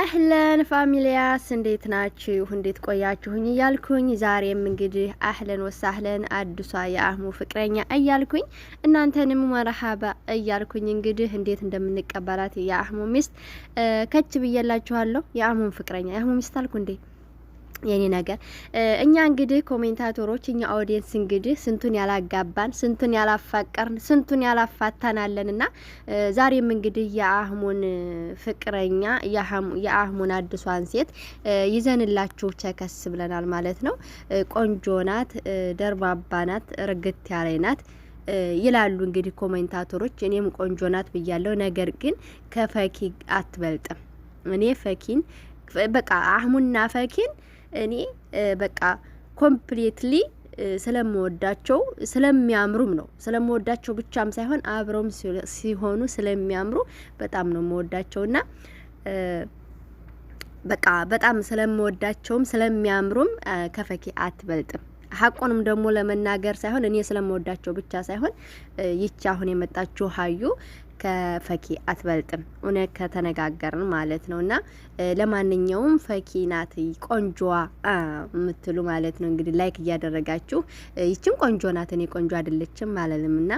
አህለን ፋሚሊያስ እንዴት ናችሁ? እንዴት ቆያችሁኝ? እያልኩኝ ዛሬም እንግዲህ አህለን ወሳህለን አዲሷ የአህሙ ፍቅረኛ እያልኩኝ እናንተንም መረሀባ እያልኩኝ እንግዲህ እንዴት እንደምንቀበላት የአህሙ ሚስት ከች ብዬላችኋለሁ። የአህሙን ፍቅረኛ የአህሙ ሚስት አልኩ እንዴ የኔ ነገር እኛ እንግዲህ ኮሜንታቶሮች እኛ ኦዲየንስ እንግዲህ ስንቱን ያላጋባን ስንቱን ያላፋቀርን ስንቱን ያላፋታናለን እና ዛሬም እንግዲህ የአህሙን ፍቅረኛ የአህሙን አዲሷን ሴት ይዘንላችሁ ቸከስ ብለናል ማለት ነው። ቆንጆ ናት፣ ደርባባ ናት፣ ርግት ያለ ናት ይላሉ እንግዲህ ኮሜንታቶሮች እኔም ቆንጆ ናት ብያለሁ፣ ነገር ግን ከፈኪ አትበልጥም። እኔ ፈኪን በቃ አህሙና ፈኪን እኔ በቃ ኮምፕሊትሊ ስለምወዳቸው ስለሚያምሩም ነው። ስለምወዳቸው ብቻም ሳይሆን አብረውም ሲሆኑ ስለሚያምሩ በጣም ነው እና በቃ በጣም ስለምወዳቸውም ስለሚያምሩም ከፈኪ አትበልጥም። ሀቁንም ደግሞ ለመናገር ሳይሆን እኔ ስለምወዳቸው ብቻ ሳይሆን ይቺ አሁን የመጣችው ሀዩ ከፈኪ አትበልጥም፣ እውነት ከተነጋገርን ማለት ነው። እና ለማንኛውም ፈኪ ናት ቆንጆዋ የምትሉ ማለት ነው። እንግዲህ ላይክ እያደረጋችሁ ይችም ቆንጆ ናት፣ እኔ ቆንጆ አይደለችም አለንም እና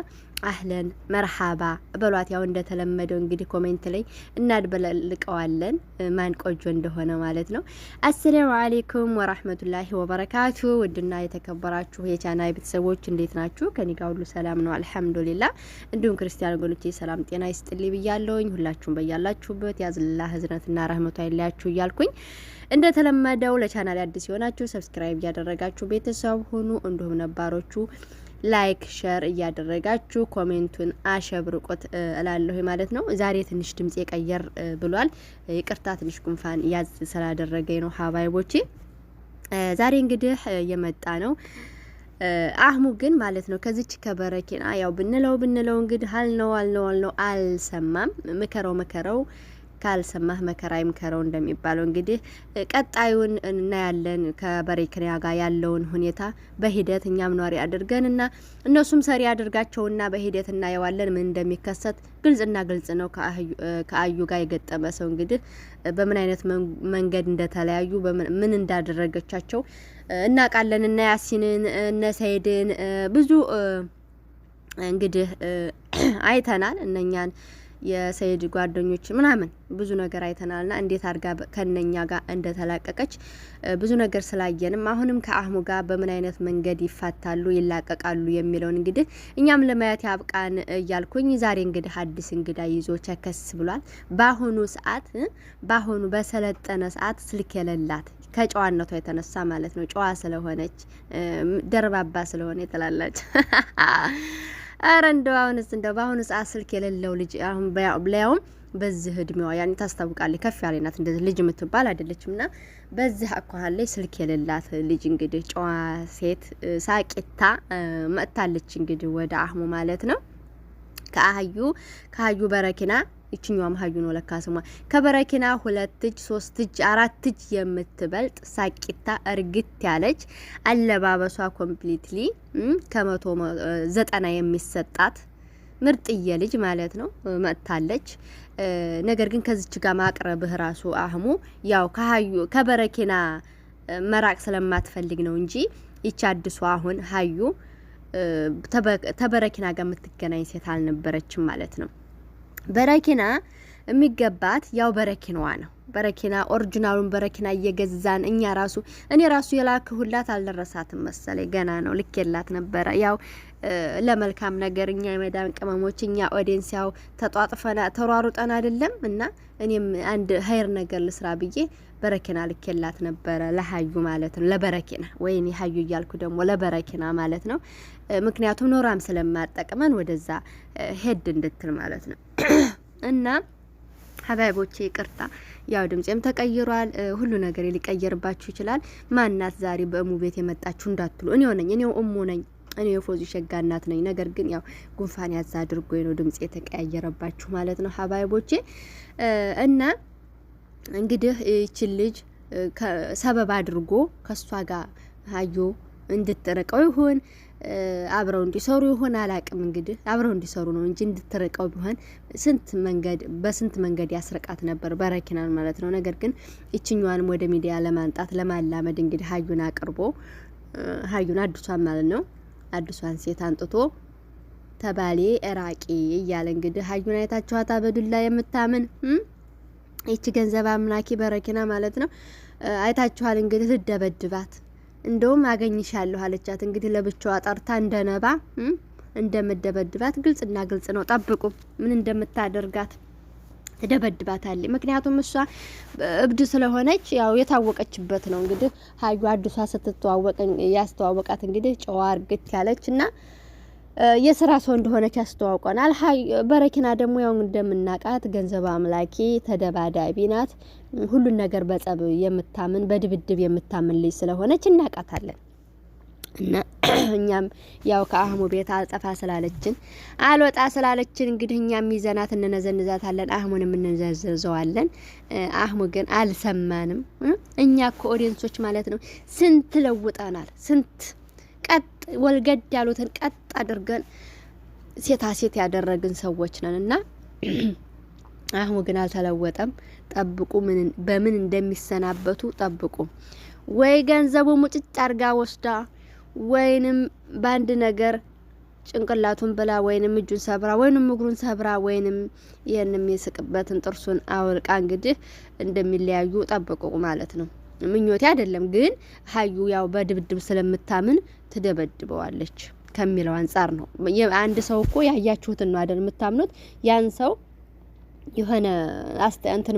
አህለን መርሃባ በሏት። ያው እንደተለመደው እንግዲህ ኮሜንት ላይ እናድበለልቀዋለን ማን ቆንጆ እንደሆነ ማለት ነው። አሰላሙ አሌይኩም ወራህመቱላሂ ወበረካቱ። ውድና የተከበራችሁ የቻና ቤተሰቦች እንዴት ናችሁ? ከኔ ጋር ሁሉ ሰላም ነው አልሐምዱሊላ። እንዲሁም ክርስቲያን ወገኖቼ ሰላም ጤና ጤና ይስጥልኝ ብያለሁኝ። ሁላችሁም በያላችሁበት ያዝላ ህዝነትና ረህመቱ አይለያችሁ እያልኩኝ እንደተለመደው ለቻናል አዲስ የሆናችሁ ሰብስክራይብ እያደረጋችሁ ቤተሰብ ሁኑ። እንዲሁም ነባሮቹ ላይክ ሸር እያደረጋችሁ ኮሜንቱን አሸብርቆት እላለሁ ማለት ነው። ዛሬ ትንሽ ድምጽ ቀየር ብሏል። ይቅርታ ትንሽ ጉንፋን ያዝ ስላደረገኝ ነው ሀባይቦቼ። ዛሬ እንግዲህ የመጣ ነው አህሙ ግን ማለት ነው ከዚች ከበረኪና ያው ብንለው ብንለው እንግዲህ አልነው አልነው አልነው አልሰማም። ምከረው ምከረው ካልሰማህ መከራ ይምከረው እንደሚባለው እንግዲህ ቀጣዩን እናያለን። ከበሬክንያ ጋር ያለውን ሁኔታ በሂደት እኛም ኗሪ አድርገንና እነሱም ሰሪ አድርጋቸውና በሂደት እናየዋለን ምን እንደሚከሰት ግልጽና ግልጽ ነው። ከአዩ ጋር የገጠመ ሰው እንግዲህ በምን አይነት መንገድ እንደተለያዩ ምን እንዳደረገቻቸው እናውቃለን። እነ ያሲንን እነ ሰይድን ብዙ እንግዲህ አይተናል እነኛን የሰይድ ጓደኞች ምናምን ብዙ ነገር አይተናልና እንዴት አድርጋ ከነኛ ጋር እንደተላቀቀች ብዙ ነገር ስላየንም አሁንም ከአህሙ ጋር በምን አይነት መንገድ ይፋታሉ ይላቀቃሉ የሚለውን እንግዲህ እኛም ለማየት ያብቃን እያልኩኝ ዛሬ እንግዲህ አዲስ እንግዳ ይዞ ቸከስ ብሏል። በአሁኑ ሰዓት በአሁኑ በሰለጠነ ሰዓት ስልክ የለላት ከጨዋነቷ የተነሳ ማለት ነው። ጨዋ ስለሆነች ደርባባ ስለሆነ የተላላች አረ እንደው አሁንስ እንደው በአሁኑ ሰዓት ስልክ የሌለው ልጅ አሁን ላያውም በዚህ እድሜዋ ያን ታስታውቃለች። ከፍ ያለ ናት፣ እንደዚህ ልጅ የምትባል አይደለችም። ና በዚህ አኳኋን ላይ ስልክ የሌላት ልጅ እንግዲህ ጨዋ ሴት ሳቂታ መጥታለች እንግዲህ ወደ አህሙ ማለት ነው ከአህዩ ከአህዩ በረኪና ይችኛዋ ሀዩ ነው ለካ ስሟ። ከበረኪና ሁለት እጅ ሶስት እጅ አራት እጅ የምትበልጥ ሳቂታ እርግት ያለች አለባበሷ ኮምፕሊትሊ ከመቶ ዘጠና የሚሰጣት ምርጥዬ ልጅ ማለት ነው መጥታለች። ነገር ግን ከዚች ጋር ማቅረብህ ራሱ አህሙ ያው ከሀዩ ከበረኪና መራቅ ስለማትፈልግ ነው እንጂ ይቺ አዲሷ አሁን ሀዩ ተበረኪና ጋር የምትገናኝ ሴት አልነበረችም ማለት ነው። በረኪና የሚገባት ያው በረኪናዋ ነው። በረኪና ኦሪጂናሉን በረኪና እየገዛን እኛ ራሱ እኔ ራሱ የላክሁላት አልደረሳትም መሰለኝ ገና ነው ልኬላት ነበረ። ያው ለመልካም ነገር እኛ የመዳን ቅመሞች እኛ ኦዲየንስ ያው ተጧጥፈና ተሯሩጠን አይደለም እና እኔም አንድ ሀይር ነገር ልስራ ብዬ በረኪና ልኬላት ነበረ ለሀዩ ማለት ነው። ለበረኪና ወይኔ ሀዩ እያልኩ ደግሞ ለበረኪና ማለት ነው። ምክንያቱም ኖራም ስለማጠቅመን ወደዛ ሄድ እንድትል ማለት ነው። እና ሀባይቦቼ ይቅርታ ያው ድምፄም ተቀይሯል። ሁሉ ነገር ሊቀየርባችሁ ይችላል። ማናት ዛሬ በእሙ ቤት የመጣችሁ እንዳትሉ፣ እኔው ነኝ፣ እኔው እሙ ነኝ። እኔ የፎዙ ሸጋ እናት ነኝ። ነገር ግን ያው ጉንፋን ያዛ አድርጎ ነው ድምጽ የተቀያየረባችሁ ማለት ነው ሀባይቦቼ። እና እንግዲህ ይችን ልጅ ሰበብ አድርጎ ከሷ ጋር ሀዮ እንድትርቀው ይሁን አብረው እንዲሰሩ ይሆን አላቅም። እንግዲህ አብረው እንዲሰሩ ነው እንጂ እንድትርቀው ቢሆን ስንት መንገድ በስንት መንገድ ያስርቃት ነበር በረኪናን ማለት ነው። ነገር ግን ይችኛዋንም ወደ ሚዲያ ለማንጣት ለማላመድ እንግዲህ ሀዩን አቅርቦ ሀዩን አዲሷን ማለት ነው አዲሷን ሴት አንጥቶ ተባሌ እራቂ እያለ እንግዲህ ሀዩን አይታችኋት በዱላ የምታምን ይቺ ገንዘብ አምላኪ በረኪና ማለት ነው። አይታችኋል እንግዲህ ልደበድባት እንደውም አገኝሻለሁ አለቻት። እንግዲህ ለብቻዋ ጠርታ እንደነባ እንደምደበድባት ግልጽና ግልጽ ነው። ጠብቁ ምን እንደምታደርጋት ትደበድባታለች። ምክንያቱም እሷ እብድ ስለሆነች ያው የታወቀችበት ነው። እንግዲህ ሀዩ አዲሷ ስትተዋወቅ ያስተዋወቃት እንግዲህ ጨዋ እርግት ያለች እና የስራ ሰው እንደሆነች ያስተዋውቀናል። በረኪና ደግሞ ያው እንደምናቃት ገንዘብ አምላኪ ተደባዳቢ ናት። ሁሉን ነገር በጸብ የምታምን በድብድብ የምታምን ልጅ ስለሆነች እናቃታለን። እና እኛም ያው ከአህሙ ቤት አልጠፋ ስላለችን አልወጣ ስላለችን እንግዲህ እኛም ይዘናት እንነዘንዛታለን፣ አህሙንም እንዘዝዘዋለን። አህሙ ግን አልሰማንም። እኛ ኮ ማለት ነው ስንት ለውጠናል፣ ስንት ቀጥ ወልገድ ያሉትን ቀጥ አድርገን ሴታ ሴት ያደረግን ሰዎች ነን እና አህሙ ግን አልተለወጠም። ጠብቁ፣ በምን እንደሚሰናበቱ ጠብቁ። ወይ ገንዘቡ ሙጭጭ አርጋ ወስዳ ወይንም በአንድ ነገር ጭንቅላቱን ብላ ወይንም እጁን ሰብራ ወይንም እግሩን ሰብራ ወይንም ይህን የሚስቅበትን ጥርሱን አውልቃ እንግዲህ እንደሚለያዩ ጠብቁ ማለት ነው። ምኞቴ አይደለም፣ ግን ሀዩ ያው በድብድብ ስለምታምን ትደበድበዋለች ከሚለው አንጻር ነው። አንድ ሰው እኮ ያያችሁትን ነው አይደል የምታምኑት ያን ሰው የሆነ እንትን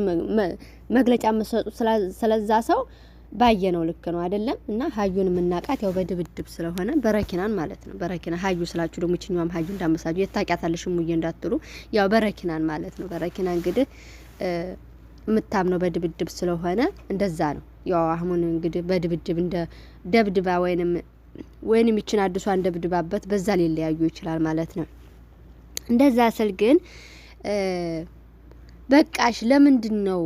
መግለጫ የምትሰጡት ስለዛ ሰው ባየ ነው ልክ ነው አይደለም። እና ሀዩን የምናውቃት ያው በድብድብ ስለሆነ በረኪናን ማለት ነው። በረኪና ሀዩ ስላችሁ ደግሞ ይችኛዋም ሀዩ እንዳመሳችሁ የታቂያታለሽ ሙዬ እንዳትሉ፣ ያው በረኪናን ማለት ነው። በረኪና እንግዲህ የምታምነው በድብድብ ስለሆነ እንደዛ ነው። ያው አህሙን እንግዲህ በድብድብ እንደ ደብድባ ወይንም ወይንም ይችን አዲሷን ደብድባበት በዛ ሊለያዩ ይችላል ማለት ነው። እንደዛ ስል ግን በቃሽ ለምንድን ነው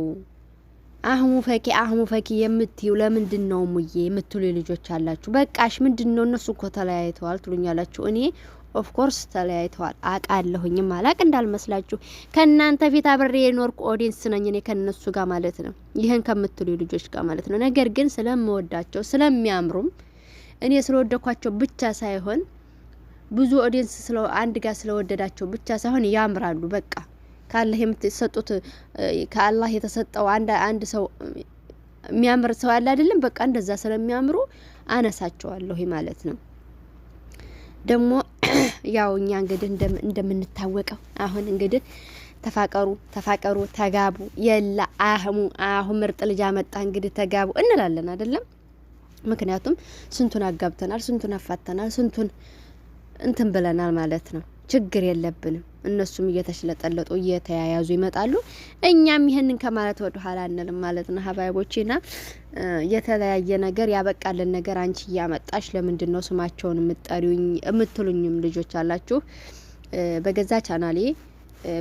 አህሙ ፈኪ አህሙ ፈኪ የምትዩ ለምንድን ነው ሙዬ የምትሉ ልጆች አላችሁ። በቃሽ ምንድን ነው እነሱ እኮ ተለያይተዋል ትሉኛላችሁ። እኔ ኦፍኮርስ ተለያይተዋል። አቃለሁኝም አላቅ እንዳልመስላችሁ ከእናንተ ፊት አብሬ የኖርኩ ኦዲንስ ነኝ እኔ ከነሱ ጋር ማለት ነው፣ ይህን ከምትሉ ልጆች ጋር ማለት ነው። ነገር ግን ስለምወዳቸው ስለሚያምሩም እኔ ስለወደኳቸው ብቻ ሳይሆን ብዙ ኦዲንስ ስለ አንድ ጋር ስለወደዳቸው ብቻ ሳይሆን ያምራሉ። በቃ ካላህ የምትሰጡት ከአላህ የተሰጠው አንድ አንድ ሰው የሚያምር ሰው አለ አይደለም። በቃ እንደዛ ስለሚያምሩ አነሳቸዋለሁ ማለት ነው ደግሞ ያው እኛ እንግዲህ እንደምንታወቀው አሁን እንግዲህ ተፋቀሩ ተፋቀሩ ተጋቡ የላ አህሙ አሁ ምርጥ ልጅ አመጣ እንግዲህ ተጋቡ እንላለን አይደለም። ምክንያቱም ስንቱን አጋብተናል፣ ስንቱን አፋተናል፣ ስንቱን እንትን ብለናል ማለት ነው። ችግር የለብንም። እነሱም እየተሽለጠለጡ እየተያያዙ ይመጣሉ። እኛም ይህንን ከማለት ወደ ኋላ አንልም ማለት ነው ሀባይቦቼና የተለያየ ነገር ያበቃልን ነገር አንቺ እያመጣሽ ለምንድን ነው ስማቸውን የምጠሪኝ የምትሉኝም ልጆች አላችሁ። በገዛ ቻናሌ፣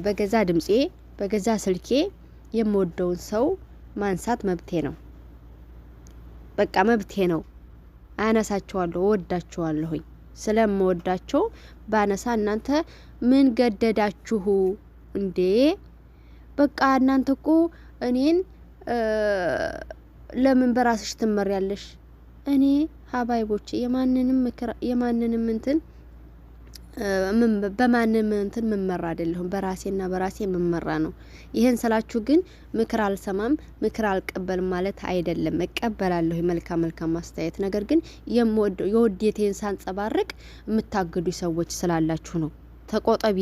በገዛ ድምፄ፣ በገዛ ስልኬ የምወደውን ሰው ማንሳት መብቴ ነው። በቃ መብቴ ነው። አያነሳችኋለሁ። ወዳቸዋለሁኝ? ስለምወዳቸው ባነሳ እናንተ ምን ገደዳችሁ እንዴ? በቃ እናንተ እኮ እኔን ለምን በራስሽ ትመሪያለሽ? እኔ ሀባይቦቼ የማንንም ምክር የማንንም እንትን በማንም እንትን ምመራ አይደለሁም። በራሴና በራሴ ምመራ ነው። ይህን ስላችሁ ግን ምክር አልሰማም፣ ምክር አልቀበልም ማለት አይደለም። እቀበላለሁ መልካም መልካም ማስተያየት። ነገር ግን የወዴቴን ሳንጸባርቅ የምታግዱ ሰዎች ስላላችሁ ነው። ተቆጠቢ፣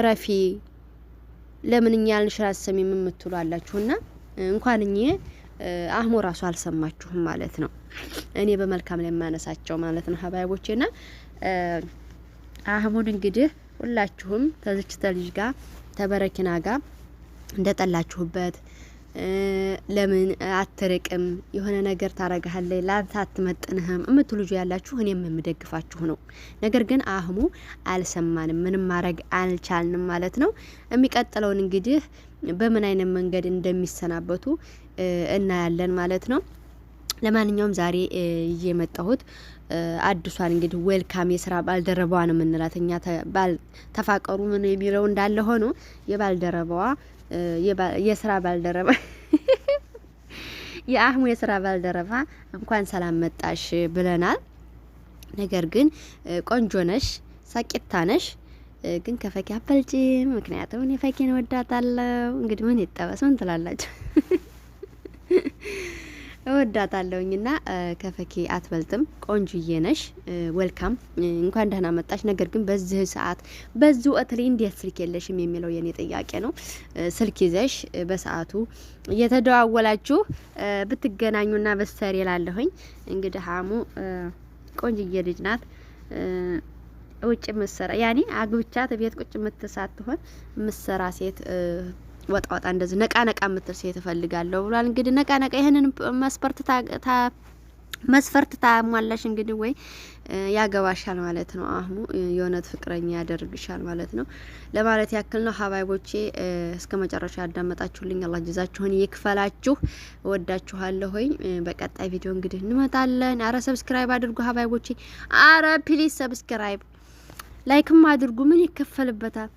እረፊ፣ ለምን እኛ ያልንሽን አሰሚም የምትሉ አላችሁና እንኳን እኚ አህሙ ራሱ አልሰማችሁም ማለት ነው። እኔ በመልካም ላይ የማነሳቸው ማለት ነው ሀባይቦቼና አህሙን እንግዲህ ሁላችሁም ተዝች ተልጅ ጋር ተበረኪና ጋር እንደጠላችሁበት ለምን አትርቅም፣ የሆነ ነገር ታረጋለህ፣ ላንተ አትመጥንህም እምትሉ ልጆ ያላችሁ እኔም የምደግፋችሁ ነው። ነገር ግን አህሙ አልሰማንም፣ ምንም ማድረግ አልቻልንም ማለት ነው። የሚቀጥለውን እንግዲህ በምን አይነት መንገድ እንደሚሰናበቱ እናያለን ማለት ነው። ለማንኛውም ዛሬ እየመጣሁት አዲሷን እንግዲህ ዌልካም የስራ ባልደረባዋ ነው የምንላት እኛ ተፋቀሩ ምን የሚለው እንዳለ ሆኖ የባልደረባዋ የስራ ባልደረባ የአህሙ የስራ ባልደረባ እንኳን ሰላም መጣሽ ብለናል። ነገር ግን ቆንጆ ነሽ፣ ሳቂታ ነሽ ግን ከፈኪ አበልጭም። ምክንያቱም እኔ ፈኪን ወዳታለሁ። እንግዲህ ምን ይጠበስ ምን ትላላችሁ? እወዳታለሁኝ እና ከፈኪ አትበልጥም፣ ቆንጆዬ ነሽ። ወልካም እንኳን ደህና መጣሽ። ነገር ግን በዚህ ሰዓት በዚህ ወቅት ላይ እንዴት ስልክ የለሽም የሚለው የኔ ጥያቄ ነው። ስልክ ይዘሽ በሰዓቱ እየተደዋወላችሁ ብትገናኙና በስተር ይላለሁኝ። እንግዲህ ሀሙ ቆንጆዬ ልጅ ናት። ውጭ ምሰራ ያኔ አግብቻት ቤት ቁጭ ምትሳትሆን ምሰራ ሴት ወጣ ወጣ እንደዚህ ነቃ ነቃ የምትል ሴት እፈልጋለሁ ብሏል። እንግዲህ ነቃ ነቃ ይህንን መስፈርት ታ መስፈርት ታሟላሽ እንግዲህ ወይ ያገባሻል ማለት ነው። አህሙ የእውነት ፍቅረኛ ያደርግሻል ማለት ነው። ለማለት ያክል ነው። ሀባይቦቼ እስከ መጨረሻ ያዳመጣችሁልኝ አላህ ጀዛችሁን ይክፈላችሁ። ወዳችኋለሁኝ በቀጣይ ቪዲዮ እንግዲህ እንመጣለን። አረ ሰብስክራይብ አድርጉ ሀባይቦቼ። አረ ፕሊዝ ሰብስክራይብ ላይክም አድርጉ። ምን ይከፈልበታል?